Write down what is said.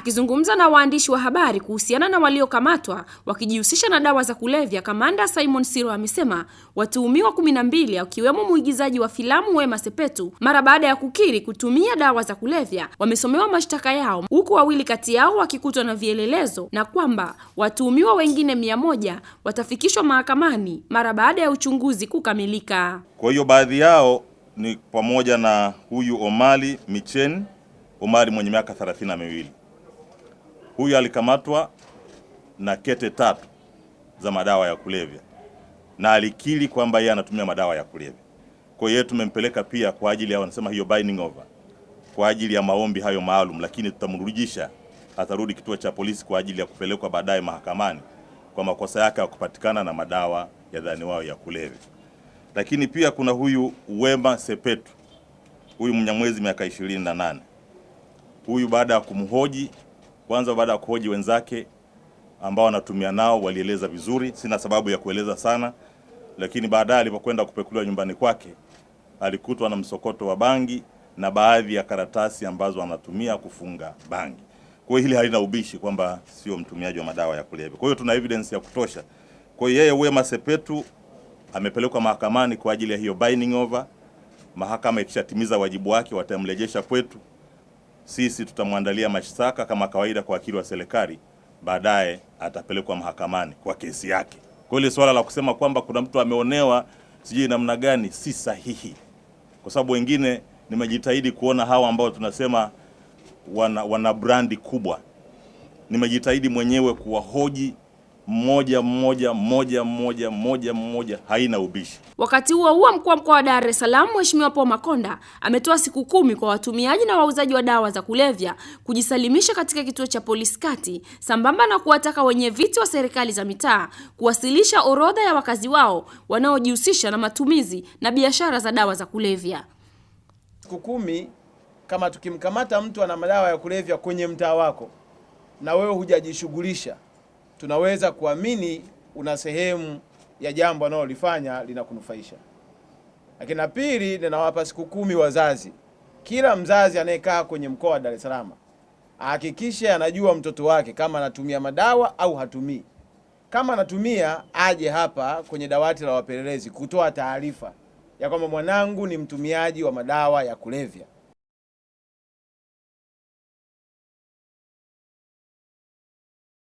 Akizungumza na waandishi wa habari kuhusiana na waliokamatwa wakijihusisha na dawa za kulevya, Kamanda Simon Siro amesema watuhumiwa 12 mbili akiwemo mwigizaji wa filamu Wema Sepetu, mara baada ya kukiri kutumia dawa za kulevya, wamesomewa mashtaka yao, huku wawili kati yao wakikutwa na vielelezo, na kwamba watuhumiwa wengine mia moja watafikishwa mahakamani mara baada ya uchunguzi kukamilika. Kwa hiyo baadhi yao ni pamoja na huyu omali Micheni Omari mwenye miaka thelathini na miwili Huyu alikamatwa na kete tatu za madawa ya kulevya na alikiri kwamba yeye anatumia madawa ya kulevya. Kwa hiyo tumempeleka pia kwa ajili ya wanasema hiyo binding over, kwa ajili ya maombi hayo maalum, lakini tutamrudisha, atarudi kituo cha polisi kwa ajili ya kupelekwa baadaye mahakamani kwa makosa yake ya kupatikana na madawa ya dhani wao ya kulevya. Lakini pia kuna huyu Wema Sepetu, huyu Mnyamwezi, miaka 28. Huyu baada ya kumhoji kwanza baada ya kuhoji wenzake ambao wanatumia nao walieleza vizuri, sina sababu ya kueleza sana, lakini baadaye alipokwenda kupekuliwa nyumbani kwake alikutwa na msokoto wa bangi na baadhi ya karatasi ambazo anatumia kufunga bangi. Kwa hiyo hili halina ubishi kwamba sio mtumiaji wa madawa ya kulevya. Kwa hiyo tuna evidence ya kutosha. Kwa hiyo yeye Wema Sepetu amepelekwa mahakamani kwa ajili ya hiyo binding over. Mahakama ikishatimiza wajibu wake watamrejesha kwetu sisi tutamwandalia mashtaka kama kawaida kwa wakili wa serikali, baadaye atapelekwa mahakamani kwa kesi yake. Kwa ile swala la kusema kwamba kuna mtu ameonewa sijui namna gani, si sahihi, kwa sababu wengine nimejitahidi kuona hawa ambao tunasema wana, wana brandi kubwa, nimejitahidi mwenyewe kuwahoji moja moja moja moja moja moja, haina ubishi. Wakati huo huo, mkuu wa mkoa wa Dar es Salaam Mheshimiwa Paul Makonda ametoa siku kumi kwa watumiaji na wauzaji wa dawa za kulevya kujisalimisha katika kituo cha polisi kati, sambamba na kuwataka wenye viti wa serikali za mitaa kuwasilisha orodha ya wakazi wao wanaojihusisha na matumizi na biashara za dawa za kulevya. Siku kumi, kama tukimkamata mtu ana madawa ya kulevya kwenye mtaa wako na wewe hujajishughulisha tunaweza kuamini una sehemu ya jambo analolifanya linakunufaisha. Lakini la pili, ninawapa siku kumi wazazi. Kila mzazi anayekaa kwenye mkoa wa Dar es Salaam ahakikishe anajua mtoto wake kama anatumia madawa au hatumii. Kama anatumia aje hapa kwenye dawati la wapelelezi kutoa taarifa ya kwamba mwanangu ni mtumiaji wa madawa ya kulevya.